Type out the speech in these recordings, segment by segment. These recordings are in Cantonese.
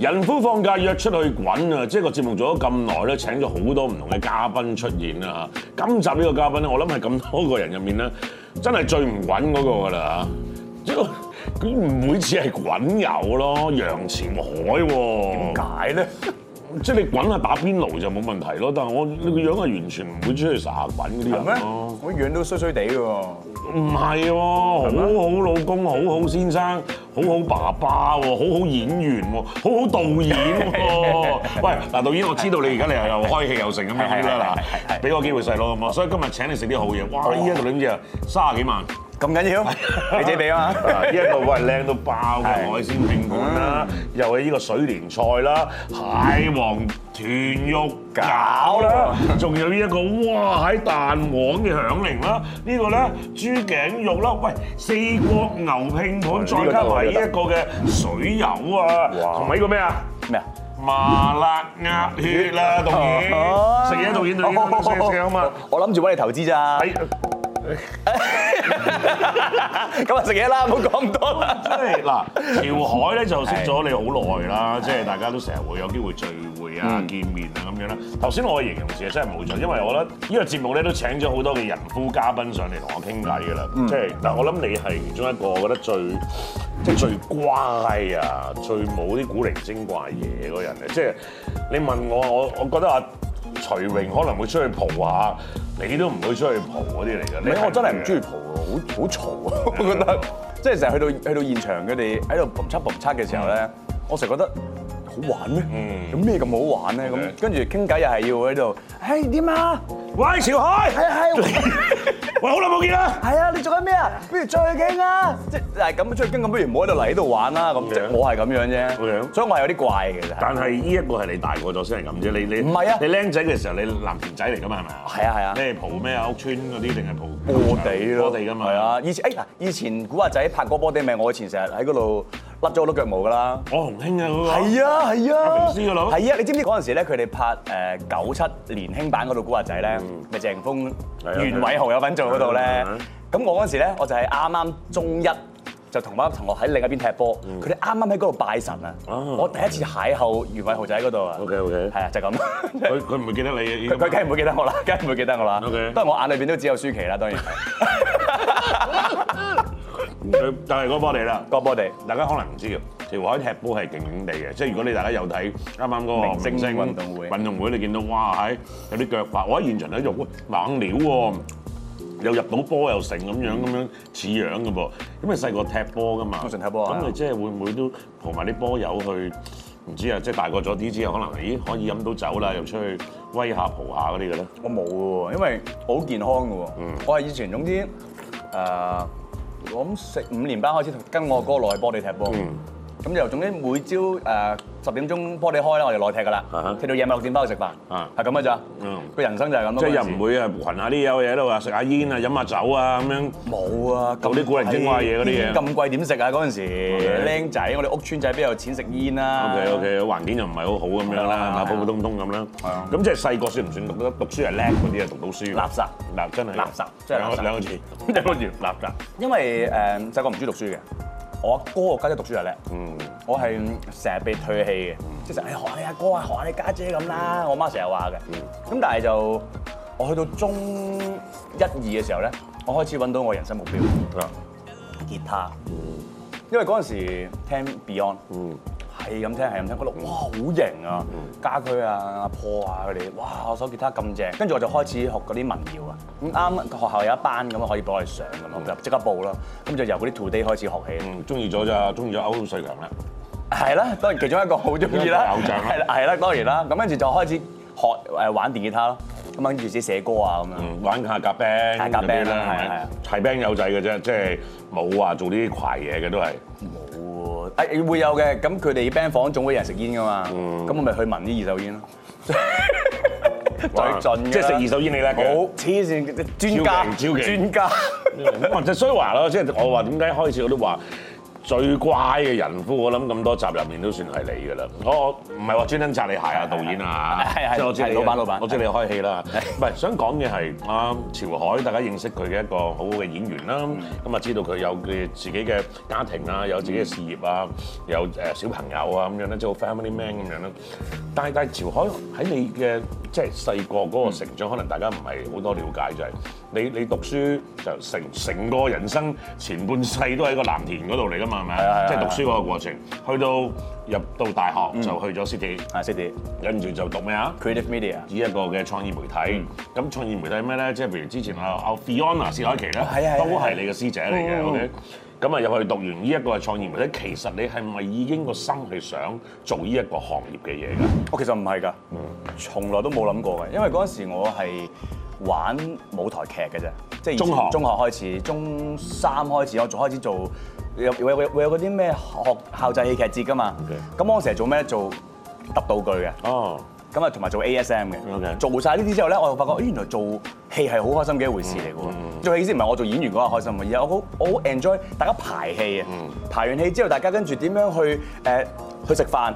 人夫放假約出去滾啊！即係個節目做咗咁耐咧，請咗好多唔同嘅嘉賓出現啦嚇。今集呢個嘉賓咧，我諗係咁多個人入面咧，真係最唔滾嗰個噶啦嚇。即係佢唔會似係滾友咯，楊漁海喎。點解咧？即係你滾下打邊爐就冇問題咯，但係我你個樣係完全唔會出去撒滾嗰啲人咯。我樣都衰衰哋嘅喎。唔係喎，好好老公，好好先生，好好爸爸，好好演員，好好導演。 喂，嗱導演，我知道你而家你又又開戲又成咁樣啦，嗱， 俾個機會細佬咁啊，所以今日請你食啲好嘢。哇，依家諗住啊，三十幾萬。咁緊要，你自己俾啊！呢一個喂，靚到爆嘅海鮮拼盤啦，又係呢個水蓮菜啦，蟹黃豚肉餃啦，仲有呢一個哇，喺蛋黃嘅響鈴啦，呢個咧，豬頸肉啦，喂，四鍋牛拼盤，再加埋呢一個嘅水油啊，同埋呢個咩啊？咩啊？麻辣鴨血啦，導演，食嘢導演就應該食啊嘛！我諗住揾你投資咋。咁啊食嘢啦，唔好講咁多啦。 即係嗱，潮凱咧就識咗你好耐啦，即係大家都成日會有機會聚會啊、的見面啊咁樣啦。頭先我嘅形容詞真係冇錯，因為我覺得呢個節目咧都請咗好多嘅人夫嘉賓上嚟同我傾偈㗎啦。即係嗱，我諗你係其中一個，我覺得最即係最乖啊，最冇啲古靈精怪嘢嗰人嚟。即係你問我，我我覺得啊。徐榮可能會出去蒲下，你都唔會出去蒲嗰啲嚟㗎。唔係，我真係唔中意蒲，好好嘈啊！我覺得，對吧 即係成日去到去到現場，佢哋喺度 boom 測 boom 測嘅時候咧，我成日覺得好玩咩？有咩咁好玩咧？咁跟住傾偈又係要喺度，哎點啊！喂，潮凱，係係，喂，好耐冇見啦。係啊，你做緊咩啊？不如出去傾啊。即係咁，出去傾咁，不如唔好喺度嚟喺度玩啦。咁樣，我係咁樣啫。咁樣，所以我係有啲怪嘅啫。但係呢一個係你大過咗先係咁啫。你你唔係啊？你靚仔嘅時候，你南拳仔嚟㗎嘛？係咪啊？係啊係啊。咩蒲咩啊？屋邨嗰啲定係蒲？波地咯，波地㗎嘛。係啊，以前哎嗱，以前古惑仔拍嗰波地咩？我以前成日喺嗰度甩咗好多腳毛㗎啦。我紅興啊嗰個。係啊係啊。名師嘅佬。係啊，你知唔知嗰陣時咧，佢哋拍誒九七年輕版嗰套古惑仔咧？咪謝霆鋒、袁偉豪有份做嗰度咧，咁我嗰時咧，我就係啱啱中一，就同班同學喺另一邊踢波，佢哋啱啱喺嗰度拜神啊，我第一次邂逅袁偉豪就喺嗰度啊，OK OK，係啊，就咁，佢佢唔會記得你，佢梗係唔會記得我啦，梗係唔會記得我啦，OK，不過我眼裏邊都只有舒淇啦，當然， 但係嗰波地啦，嗰波地，大家可能唔知嘅。我喺踢波係勁勁地嘅，即係如果你大家有睇啱啱嗰個明星運,運動會，運動會你見到哇喺有啲腳法，我喺現場睇就猛料喎，又入到波又成咁樣咁樣似樣嘅噃，因為細個踢波㗎嘛，我成日踢波啊，咁是的 你即係會唔會都蒲埋啲波友去唔知啊？即係大個咗啲之後，可能咦可以飲到酒啦，又出去威下蒲下嗰啲嘅咧？我冇喎，因為好健康嘅喎、嗯呃，我係以前總之誒，我諗食五年班開始跟我阿哥落去波地踢波。嗯嗯咁就總之每朝誒十點鐘波地開啦，我哋落去踢噶啦，踢到夜晚六點返去食飯，係咁㗎咋？嗯，個人生就係咁咯。即係又唔會係羣下啲有嘢喺度話，食下煙啊，飲下酒啊咁樣。冇啊，舊啲古靈精怪嘢嗰啲嘢。咁貴點食啊？嗰陣時僆仔，我哋屋村仔邊有錢食煙啦？OK OK，環境又唔係好好咁樣啦，普普通通咁啦。咁即係細個算唔算讀得？讀書係叻嗰啲啊，讀到書。垃圾嗱，真係垃圾，即係兩個字，兩個字，垃圾。因為誒細個唔中意讀書嘅。我阿哥個家姐讀書又叻，嗯、我係成日被退氣嘅，即係成日學你阿哥啊，學下你家姐咁啦。我媽成日話嘅，咁、嗯、但係就我去到中一二嘅時候咧，我開始揾到我人生目標，嗯、吉他，因為嗰陣時聽 Beyond、嗯。係咁聽，係咁聽，覺得哇好型啊！家駒啊、阿 Paul 啊佢哋，哇我首吉他咁正，跟住我就開始學嗰啲民謠啊。咁啱學校有一班咁啊，可以幫我哋上咁就即刻報啦。咁就由嗰啲 today 開始學起。嗯，中意咗咋？中意咗歐瑞強啦。係啦，當然其中一個好中意啦。偶像啦。係啦，當然啦。咁跟住就開始學誒玩電吉他咯。咁跟住先寫歌啊咁樣。玩下夾 band。夾 band 啦，係啊係啊，係 band 友仔嘅啫，即係冇啊。做呢啲攋嘢嘅都係冇。會會有嘅，咁佢哋 band 房總會有人食煙㗎嘛，咁、嗯、我咪去聞啲二手煙咯，再盡即係食二手煙，你叻，好黐線，專家，專家，我唔使誇話咯，即係我話點解開始我都話。最乖嘅人夫，我諗咁多集入面都算係你㗎啦。我唔係話專登擦你鞋啊，導演啊，係係，我知係老闆老闆，我知你開戲啦。唔係想講嘅係啊，潮凱，大家認識佢嘅一個好好嘅演員啦。咁啊、嗯，知道佢有嘅自己嘅家庭啊，有自己嘅事業啊，嗯、有誒小朋友啊咁樣咧，即係 family man 咁樣啦。但係但係潮凱，喺你嘅即係細個個成長、嗯、可能大家唔係好多了解就係、是、你你讀書就成成個人生前半世都喺個藍田度嚟㗎嘛。係咪？即係讀書嗰個過程，去到入到大學就去咗 City，City，跟住就讀咩啊？Creative Media，呢一個嘅創意媒體。咁創意媒體係咩咧？即係譬如之前阿阿 Fiona 薛凱琪咧，都係你嘅師姐嚟嘅。OK，咁啊入去讀完呢一個創意媒體，其實你係咪已經個心去想做呢一個行業嘅嘢㗎？我其實唔係㗎，從來都冇諗過嘅。因為嗰陣時我係玩舞台劇嘅啫，即係中學中學開始，中三開始我仲開始做。有會有嗰啲咩學校際戲劇節㗎嘛？咁我成日做咩？做揼道具嘅。哦。咁啊，同埋做 ASM 嘅。做晒呢啲之後咧，我就發覺，原來做戲係好開心嘅一回事嚟嘅喎。做戲先唔係我做演員嗰日開心，而係我好我好 enjoy 大家排戲啊。排完戲之後，大家跟住點樣去誒去食飯、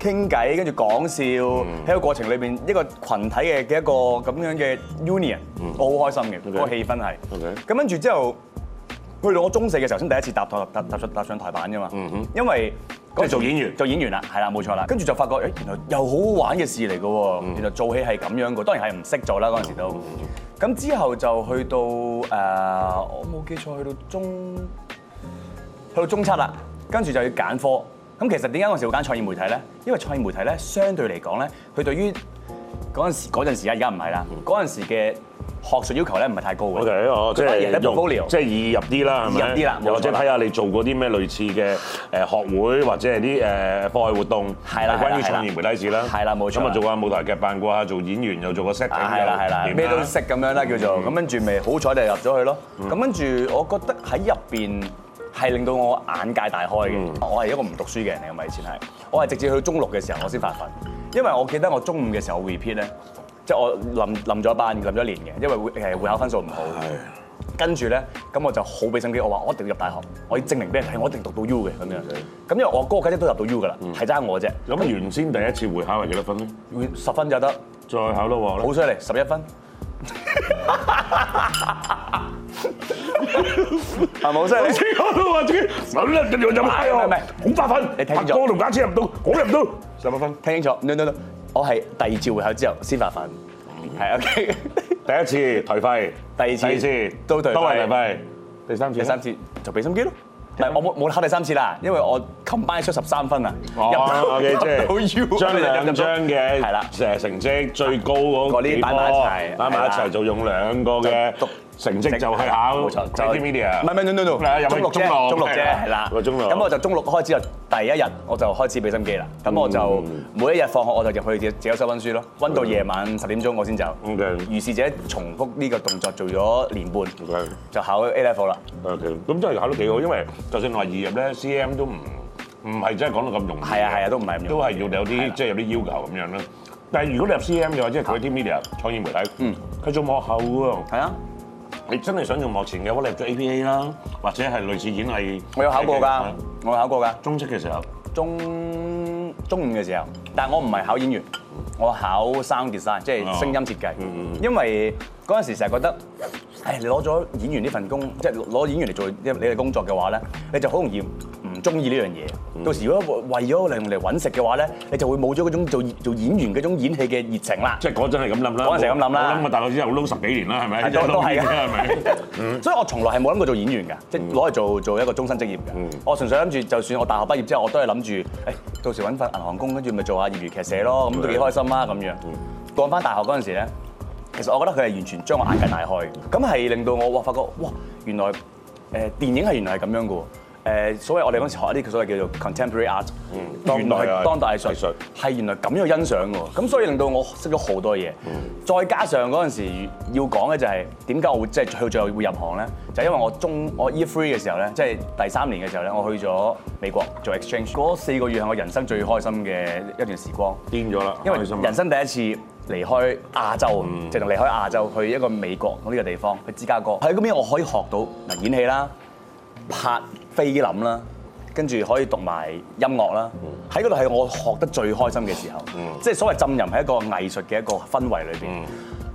傾偈，跟住講笑。喺個過程裏邊，一個群體嘅嘅一個咁樣嘅 union，我好開心嘅個氣氛係。OK。咁跟住之後。去到我中四嘅時候，先第一次搭台搭搭上搭上台板㗎嘛。因為做演，演員，做演員啦，係啦，冇錯啦。跟住就發覺，誒原來又好好玩嘅事嚟㗎喎。原來做戲係咁樣㗎，當然係唔識做啦嗰陣時都。咁之後就去到誒，我冇記錯，去到中去到中七啦。跟住就要揀科。咁其實點解我嗰陣時會揀創意媒體咧？因為創意媒體咧，相對嚟講咧，佢對於嗰陣時嗰陣時啊，而家唔係啦，嗰陣時嘅。學術要求咧唔係太高嘅，即係易入啲啦，或者睇下你做過啲咩類似嘅誒學會或者係啲誒課外活動，係啦，關於創業媒體事啦，係啦，冇錯。咁啊做下舞台劇，扮過下做演員，又做個 setting 嘅啦，咩都識咁樣啦，叫做咁跟住咪好彩就入咗去咯。咁跟住我覺得喺入邊係令到我眼界大開嘅。我係一個唔讀書嘅人嚟，我咪以前係，我係直接去中六嘅時候我先發奮，因為我記得我中五嘅時候 repeat 咧。即係我冧冧咗班，冧咗一年嘅，因為會誒會考分數唔好。係。跟住咧，咁我就好俾心機，我話我一定要入大學，我要證明俾人睇，我一定讀到 U 嘅咁樣。係。咁因為我哥家姐都入到 U 噶啦、嗯，係爭我啫。咁原先第一次會考係幾多分？十分就得。再考多鑊好犀利！十一分。係咪犀利？你先考多鑊先，冇理由咁容易。係咪？紅花粉，你聽咗？我同架車入到，我入唔到。十八分，聽清楚？no no no。我係第二次會考之後先發奮，OK。第一次頹廢第二次都頹廢第三次就俾心機咯。唔係我冇冇考第三次啦，因為我 combine 出十三分啦哦，OK，即係將你兩張嘅係啦，成成績最高嗰啲擺埋一齊，擺埋一齊就用兩個嘅。成績就係考冇錯 media 唔係中六中六中六啫，係啦。咁我就中六開始就第一日我就開始俾心機啦。咁我就每一日放學我就入去自修室温書咯，温到夜晚十點鐘我先走。如是者重複呢個動作做咗年半，就考 A level 啦。咁真係考得幾好，因為就算話易入咧，C M 都唔唔係真係講到咁容易。係啊係啊，都唔係咁容易。都係要有啲即係有啲要求咁樣啦。但係如果你入 C M，嘅話，即係佢啲 media 創意媒體，佢做幕後喎。係啊。你真係想做幕前嘅 voice actor 啦，APA，或者係類似演藝我？我有考過㗎，我考過㗎。中七嘅時候，中中五嘅時候，但係我唔係考演員，我考 sound design，即係聲音設計。嗯、因為嗰陣時成日覺得，係你攞咗演員呢份工，即係攞演員嚟做你嘅工作嘅話咧，你就好容易。中意呢樣嘢，到時如果為咗嚟嚟揾食嘅話咧，你就會冇咗嗰種做做演員嗰種演戲嘅熱情啦。即係嗰陣係咁諗啦，嗰陣咁諗啦。諗大學之後好撈十幾年啦，係咪對？都係嘅，係咪？所以我從來係冇諗過做演員㗎，即係攞嚟做做一個終身職業㗎。嗯、我純粹諗住，就算我大學畢業之後，我都係諗住，到時揾份銀行工，跟住咪做下業餘劇社咯，咁都幾開心啦。咁、嗯、樣。講、嗯、翻大學嗰陣時咧，其實我覺得佢係完全將我眼界大開，咁係令到我發發覺哇，原來誒電影係原來係咁樣㗎喎。誒，所謂我哋嗰陣時學一啲所謂叫做 contemporary art，當代當代藝術，係原來咁樣欣賞㗎，咁所以令到我識咗好多嘢。再加上嗰陣時要講嘅就係點解我會即係去最後會入行咧？就係因為我中我 year three 嘅時候咧，即係第三年嘅時候咧，我去咗美國做 exchange。嗰四個月係我人生最開心嘅一段時光。變咗啦，因為人生第一次離開亞洲，直頭離開亞洲去一個美國嗰呢個地方，去芝加哥。喺嗰邊我可以學到嗱演戲啦。拍菲林啦，跟住可以讀埋音樂啦，喺嗰度係我學得最開心嘅時候，嗯、即係所謂浸淫喺一個藝術嘅一個氛圍裏面。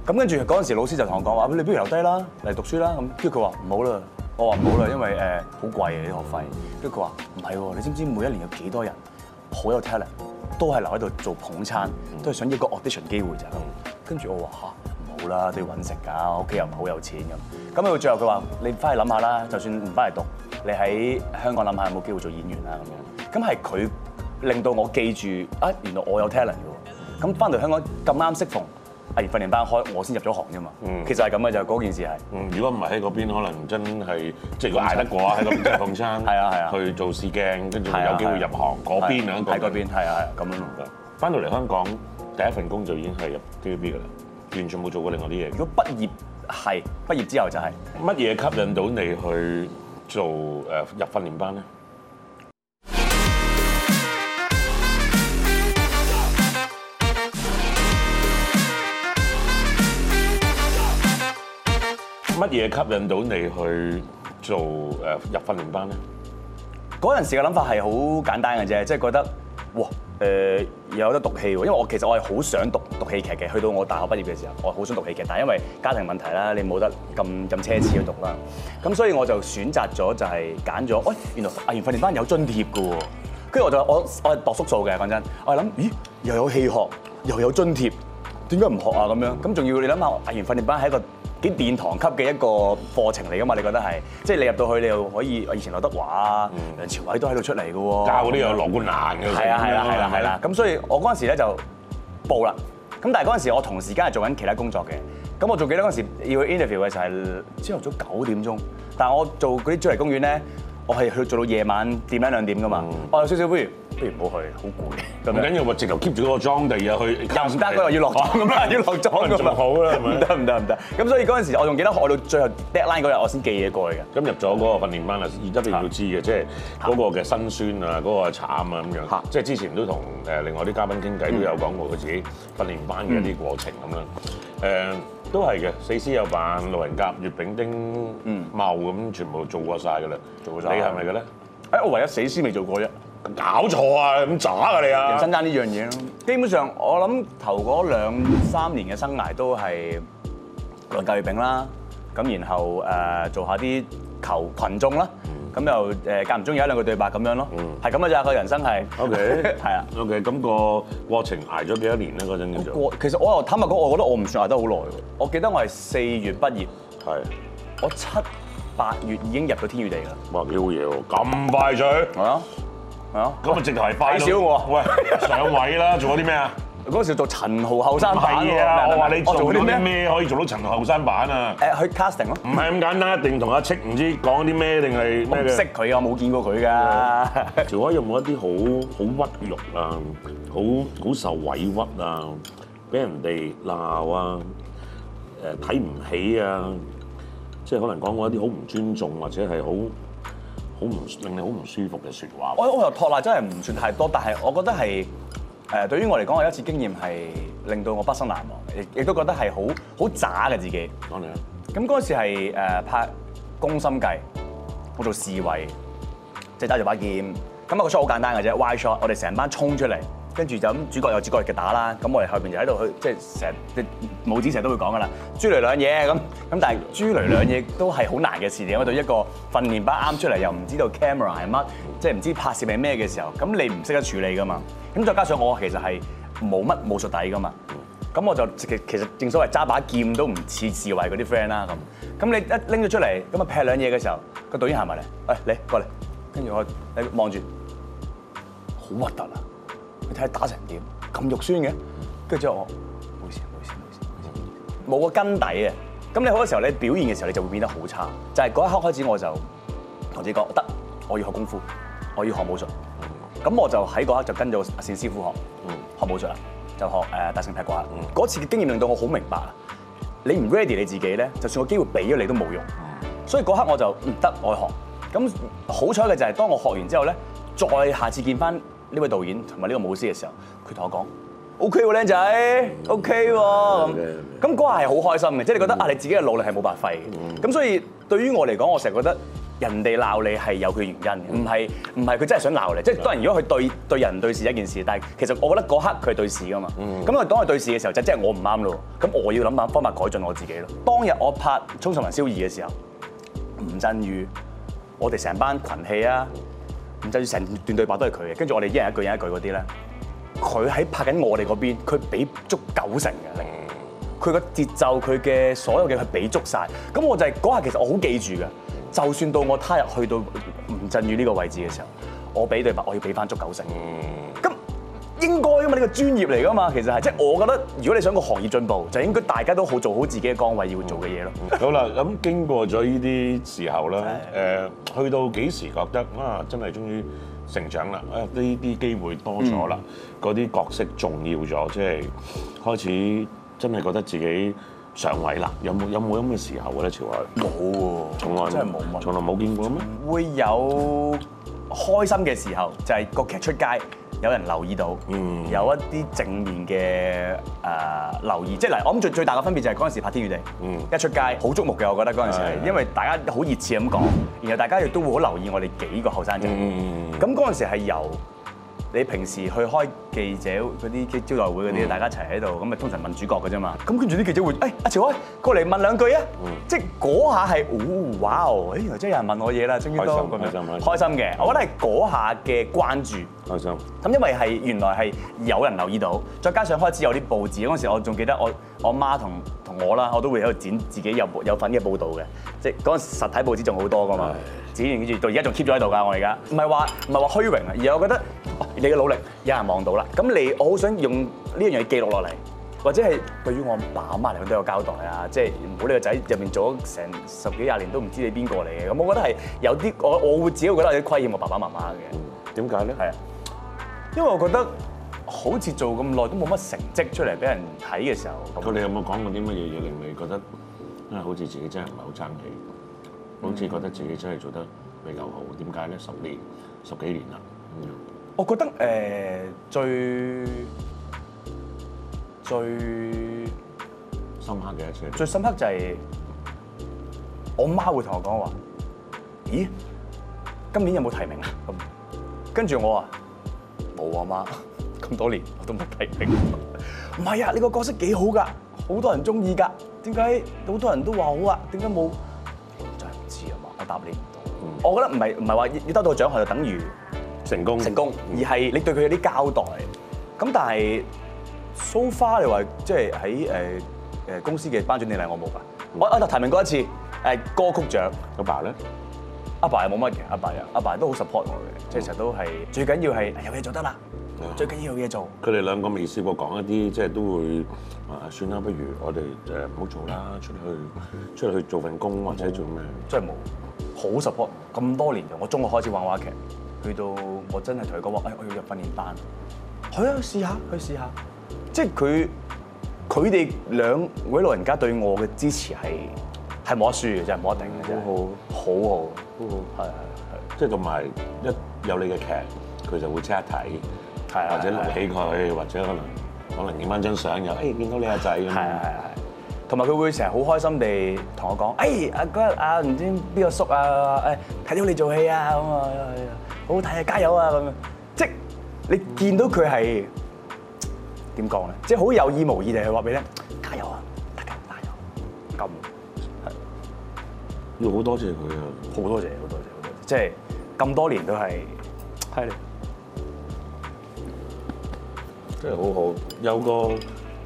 咁跟住嗰陣時老師就同我講話，你不如留低啦嚟讀書啦咁。跟住佢話唔好啦，我話唔好啦，因為好、呃、貴嘅、啊、啲學費。跟住佢話唔係喎，你知唔知每一年有幾多人好有 talent 都係留喺度做捧餐，嗯、都係想要一個 audition 機會咋。跟住、嗯、我話唔好啦，都要搵食㗎，屋企、嗯、又唔係好有錢咁。咁到最後佢話你翻去諗下啦，就算唔翻嚟讀。你喺香港諗下有冇機會做演員啦咁樣，咁係佢令到我記住啊，原來我有 talent 嘅喎。咁翻到香港咁啱適逢，阿賢訓練班開，我先入咗行啫嘛。嗯，其實係咁嘅，就嗰件事係。嗯，如果唔係喺嗰邊，可能真係即係如果捱得過啊，喺嗰邊真係放生。係啊係啊。去做試鏡，跟住有機會入行嗰邊兩個。係嗰、啊啊、邊，係啊係啊，咁邊、啊啊、樣咯。翻到嚟香港第一份工作就已經係入 TVB 嘅啦，完全冇做過另外啲嘢。如果畢業係畢業之後就係乜嘢吸引到你去？做誒入訓練班咧，乜嘢吸引到你去做誒入訓練班咧？嗰陣時嘅諗法係好簡單嘅啫，即係覺得哇！誒、呃、有得讀戲喎，因為我其實我係好想讀讀戲劇嘅，去到我大學畢業嘅時候，我好想讀戲劇，但係因為家庭問題啦，你冇得咁咁奢侈去讀啦。咁所以我就選擇咗就係揀咗，喂、哦，原來藝員訓練班有津貼嘅喎，跟住我就我我係度縮數嘅，講真，我係諗，咦，又有戲學又有津貼，點解唔學啊？咁樣，咁仲要你諗下，藝員訓練班係一個幾殿堂級嘅一個課程嚟噶嘛？你覺得係？即係你入到去，你又可以，以前劉德華啊、梁朝偉都喺度出嚟嘅喎。教嗰啲有羅冠蘭嘅。係啊係啦係啦係啦。咁所以，我嗰陣時咧就報啦。咁但係嗰陣時，我同時間係做緊其他工作嘅。咁我仲記得嗰陣時要去 interview 嘅時候係朝頭早九點鐘，但係我做嗰啲主題公園咧，我係去做到夜晚點一兩點㗎嘛。我有少少灰。不如唔好去，好攰。咁唔緊要喎，直頭 keep 住嗰個妝，第二日去又唔得，佢話要落妝咁啦，要落妝咁咪好啦，唔得唔得唔得。咁所以嗰陣時，我仲記得我到最後 deadline 嗰日，我先寄嘢過去嘅。咁入咗嗰個訓練班啊，一定要知嘅，即係嗰個嘅辛酸啊，嗰個慘啊咁樣。即係之前都同誒另外啲嘉賓傾偈，都有講過佢自己訓練班嘅一啲過程咁啦。誒都係嘅，死屍有扮路人甲、月餅丁、嗯茂咁，全部做過晒嘅啦，做晒。你係咪嘅咧？誒，我唯一死屍未做過啫。搞錯啊！咁渣噶你啊！人生爭呢樣嘢咯。基本上我諗頭嗰兩三年嘅生涯都係雲計餅啦，咁然後誒做下啲求群眾啦，咁又誒間唔中有一兩個對白咁、嗯、樣咯。係咁嘅咋，個人生係？O K。係啊 對了。O K。咁個過程捱咗幾多年咧？嗰陣，其實我又坦白講，我覺得我唔算捱得好耐。我記得我係四月畢業。係是的。我七八月已經入咗天與地㗎啦。哇！幾好嘢喎！咁快脆。係啊。咁啊，直頭係拜少我，啊、喂，上位啦！做咗啲咩啊？嗰 時做陳豪後生版嘅啊！對我話你做啲咩可以做到陳豪後生版啊？誒，去 casting 咯。唔係咁簡單，一定同阿戚唔知講啲咩定係咩嘅？識佢 啊，冇見過佢㗎。做開有冇一啲好好屈辱啊？好好受委屈啊？俾人哋鬧啊？誒、呃，睇唔起啊？即係可能講過一啲好唔尊重或者係好好唔令你好唔舒服嘅説話，我我又托賴真係唔算太多，但係我覺得係誒對於我嚟講，我有一次經驗係令到我畢生難忘，亦亦都覺得係好好渣嘅自己。講嚟咁嗰時係拍宮心計，我做侍衛，即係揸住把劍，咁、那個 shot 好簡單嘅啫 wide shot，我哋成班衝出嚟。跟住就咁，主角有主角嘅打啦。咁我哋後面就喺度去，即係成啲武師成日都會講噶啦。豬雷兩嘢咁，咁但係豬雷兩嘢都係好難嘅事。點解對一個訓練班啱出嚟又唔知道 camera 係乜，即係唔知拍攝係咩嘅時候，咁你唔識得處理噶嘛？咁再加上我其實係冇乜武術底噶嘛。咁我就其其實正所謂揸把劍都唔似侍衛嗰啲 friend 啦。咁咁你一拎咗出嚟，咁啊劈兩嘢嘅時候，個導演行埋嚟，喂，你過嚟，跟住我你望住，好核突啊！你睇打成點咁肉酸嘅，跟住之後，冇事冇事冇事冇事，冇個根底嘅。咁你好多時候，你表現嘅時候，你就會變得好差。就係嗰一刻開始，我就同自己講，得我要學功夫，我要學武術。咁我就喺嗰刻就跟咗阿冼師傅學學,學武術啦，就學誒大聖劈掛啦。嗰次嘅經驗令到我好明白啊！你唔 ready 你自己咧，就算個機會俾咗你都冇用。所以嗰刻我就唔得外學。咁好彩嘅就係當我學完之後咧，再下次見翻。呢位導演同埋呢個武師嘅時候，佢同我講：O K 喎，靚仔，O K 喎。咁咁嗰下係好開心嘅，即係你覺得，嗯，啊，你自己嘅努力係冇白費嘅。咁，嗯，所以對於我嚟講，我成日覺得人哋鬧你係有佢原因嘅，唔係唔係佢真係想鬧你。即係當然，如果佢對對人對事一件事，但係其實我覺得嗰刻佢係對事㗎嘛。咁佢、嗯、當佢對事嘅時候，就即係我唔啱咯。咁我要諗辦法改進我自己咯。當日我拍《沖上雲霄二》嘅時候，吳鎮宇，我哋成班群戲啊。唔就成段對白都係佢嘅，跟住我哋一人一句、一人一句嗰啲咧，佢喺拍緊我哋嗰邊，佢俾足九成嘅，佢個節奏、佢嘅所有嘅佢俾足晒。咁我就係嗰下，其實我好記住嘅，就算到我踏入去到吳鎮宇呢個位置嘅時候，我俾對白，我要俾翻足九成。應該啊嘛，呢個專業嚟噶嘛，其實係即係我覺得，如果你想個行業進步，就應該大家都好做好自己嘅崗位要做嘅嘢咯。好、嗯、啦，咁、嗯嗯嗯、經過咗呢啲時候啦，誒是，去到幾時覺得啊，真係終於成長啦，啊，呢啲機會多咗啦，嗰啲、嗯、角色重要咗，即係開始真係覺得自己上位啦。有冇有冇咁嘅時候咧？潮凱？冇喎，從來真係冇嘛，從來冇見過。咁會有開心嘅時候，就係、是、個劇出街。有人留意到，有一啲正面嘅誒、呃、留意，即係嗱，我諗最最大嘅分別就係嗰陣時拍《天與地》，嗯，一出街好矚目嘅，對 我覺得嗰陣時，對 因為大家好熱切咁講，然後大家亦都會好留意我哋幾個後生仔，咁嗰陣時係由。你平時去開記者嗰啲招待會嗰啲，大家一齊喺度，咁咪、嗯、通常問主角嘅啫嘛。咁跟住啲記者會，誒、哎、阿潮凱過嚟問兩句啊。即係嗰下係，哦哇哦，原來真係有人問我嘢啦，終於都開心嘅。我覺得係嗰下嘅關注。開心。咁因為係原來係有人留意到，再加上開始有啲報紙嗰陣時，我仲記得我我媽同同我啦，我都會喺度剪自己有有份嘅報道嘅，即係嗰陣實體報紙仲好多噶嘛。剪完到而家仲 keep 咗喺度噶。我而家唔係話唔係話虛榮啊，而我覺得你嘅努力有人望到啦。咁你我好想用呢樣嘢記錄落嚟，或者係對於我阿爸阿媽嚟講都有交代啊。即係唔好你個仔入面做咗成十幾廿年都唔知你邊個嚟嘅。咁我覺得係有啲我我會自己會覺得有啲虧欠我爸爸媽媽嘅。點解咧？係啊，因為我覺得好似做咁耐都冇乜成績出嚟俾人睇嘅時候，咁你有冇講過啲乜嘢嘢令你覺得好似自己真係唔係好爭氣？好似覺得自己真係做得比較好，點解咧？十年、十幾年啦。嗯，我覺得誒、呃、最最深刻嘅一次。最深刻就係我媽媽會同我講話：咦，今年有冇提名啊？跟住我啊，冇啊媽，咁多年我都冇提名。唔係啊，你個角色幾好㗎，好多人中意㗎，點解好多人都話好啊？點解冇？答你我覺得唔係唔係話要得到獎項就等於成功成功，而係你對佢有啲交代。咁但係 so far，你話即係喺誒誒公司嘅頒獎典禮，我冇㗎。我我就提名過一次誒歌曲獎。阿爸咧？阿爸係冇乜嘅，阿爸啊，阿爸都好 support 我嘅，即係成日都係最緊要係有嘢做得啦。最緊要有嘢做。佢哋兩個未試過講一啲，即係都會話算啦，不如我哋誒唔好做啦，出去出去做份工或者做咩、嗯？真係冇，好 support。咁多年，我中學開始玩話劇，去到我真係同佢講話，誒、哎、我要入訓練班，去去試下，去試下。即係佢佢哋兩位老人家對我嘅支持係係冇得輸嘅，真係冇得頂嘅。好好好喎，好好係係係。即係同埋一有你嘅劇，佢就會即刻睇。係或者留起佢，或者可能可能影翻張相又，誒見到你阿仔咁樣，係係係。同埋佢會成日好開心地同我講，誒、哎、啊嗰日啊唔知邊個叔叔啊，誒睇到你做戲啊咁啊，好好睇啊，加油啊咁樣，即係你見到佢係點講咧？即係好有意無意地係話俾你聽，加油啊，得加油，咁，要好好多謝佢啊，好多謝好多謝，好多謝即係咁多年都係係。真係好好，有個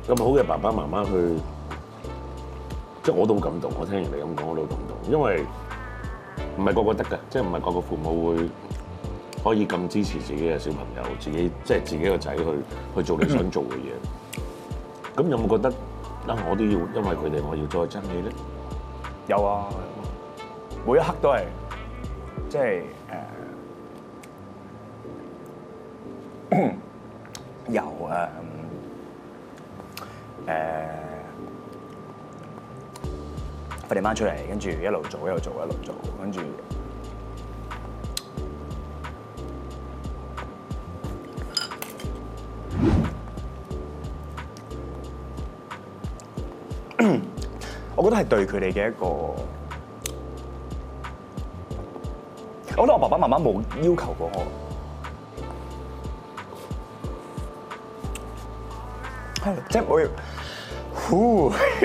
咁好嘅爸爸媽媽去，即係我都好感動。我聽人哋咁講我都好感動，因為唔係個個得嘅，即係唔係個個父母會可以咁支持自己嘅小朋友，自己即係自己個仔去去做你想做嘅嘢。咁 有冇覺得啊？我都要，因為佢哋我要再爭氣咧。有啊，吧每一刻都係即係誒。就是 uh 有啊，誒佢哋翻出嚟，跟住一路做一路做一路做，跟住，我覺得係對佢哋嘅一個，我覺得我爸爸媽媽冇要求過我。即係我，佢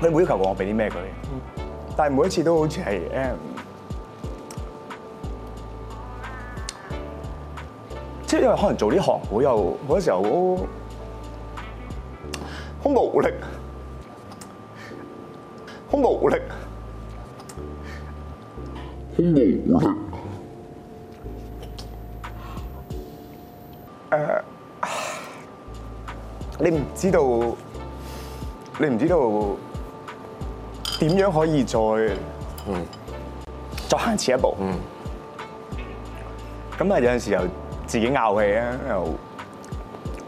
你冇要求過我俾啲咩佢，但係每一次都好似係誒，即係因為可能做呢行，會有好多時候好冇力，好冇力，好冇力。你唔知道，你唔知道點樣可以再嗯，再行前一步。嗯，咁啊，有陣時候又自己拗氣啊，又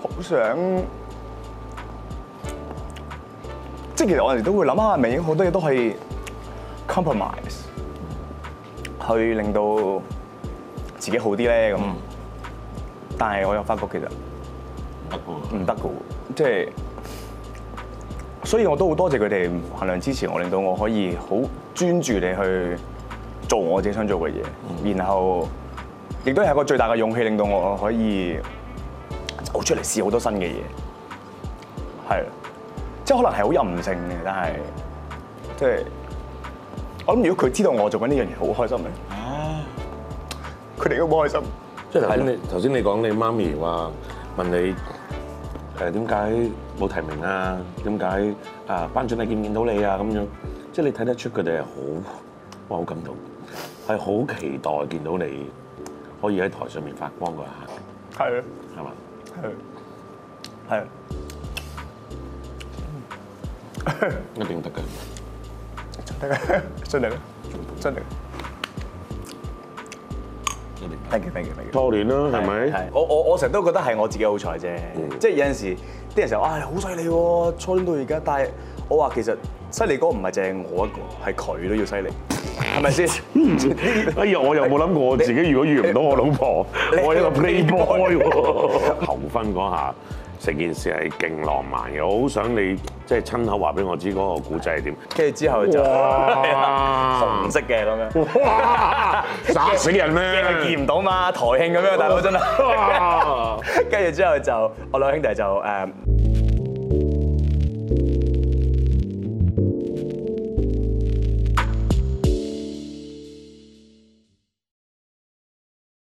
好想即係其實我哋都會諗下，明明好多嘢都可以 compromise，去令到自己好啲咧。咁，但係我又發覺其實唔得㗎喎。即係，所以我都好多謝佢哋，限量支持我，令到我可以好專注地去做我自己想做嘅嘢。然後，亦都係一個最大嘅勇氣，令到我可以走出嚟試好多新嘅嘢。係，即係可能係好任性嘅，但係，即係我諗，如果佢知道我做緊呢樣嘢，好開心咩？啊！佢哋都好開心。即係頭先，了你頭先你講，你媽咪話問你。誒，點解冇提名啊？點解啊？頒獎禮見唔見到你啊？咁樣，即係你睇得出佢哋係好哇，好感動，係好期待見到你可以喺台上面發光嗰一刻。係啊的，係嘛吧？係，係。嗯、 一定得嘅。得嘅， 真定？真定。多年啦，係咪對嗎？我我我成日都覺得係我自己好彩啫，即係有陣時啲人成日話：唉、哎，好犀利喎，初戀到而家。但係我話其實犀利哥唔係淨係我一個，係佢都要犀利，係咪先？ 哎呀，我又冇諗過我自己如果，你如果遇唔到我老婆，你我一個 Playboy 求、啊、婚 嗰下。成件事係勁浪漫嘅，我好想你即係親口話俾我知嗰個古仔係點。跟住之後就唔識嘅咁樣，殺死人咩？見唔到嘛，台慶咁樣，大佬真係。跟住之後就我兩兄弟就誒。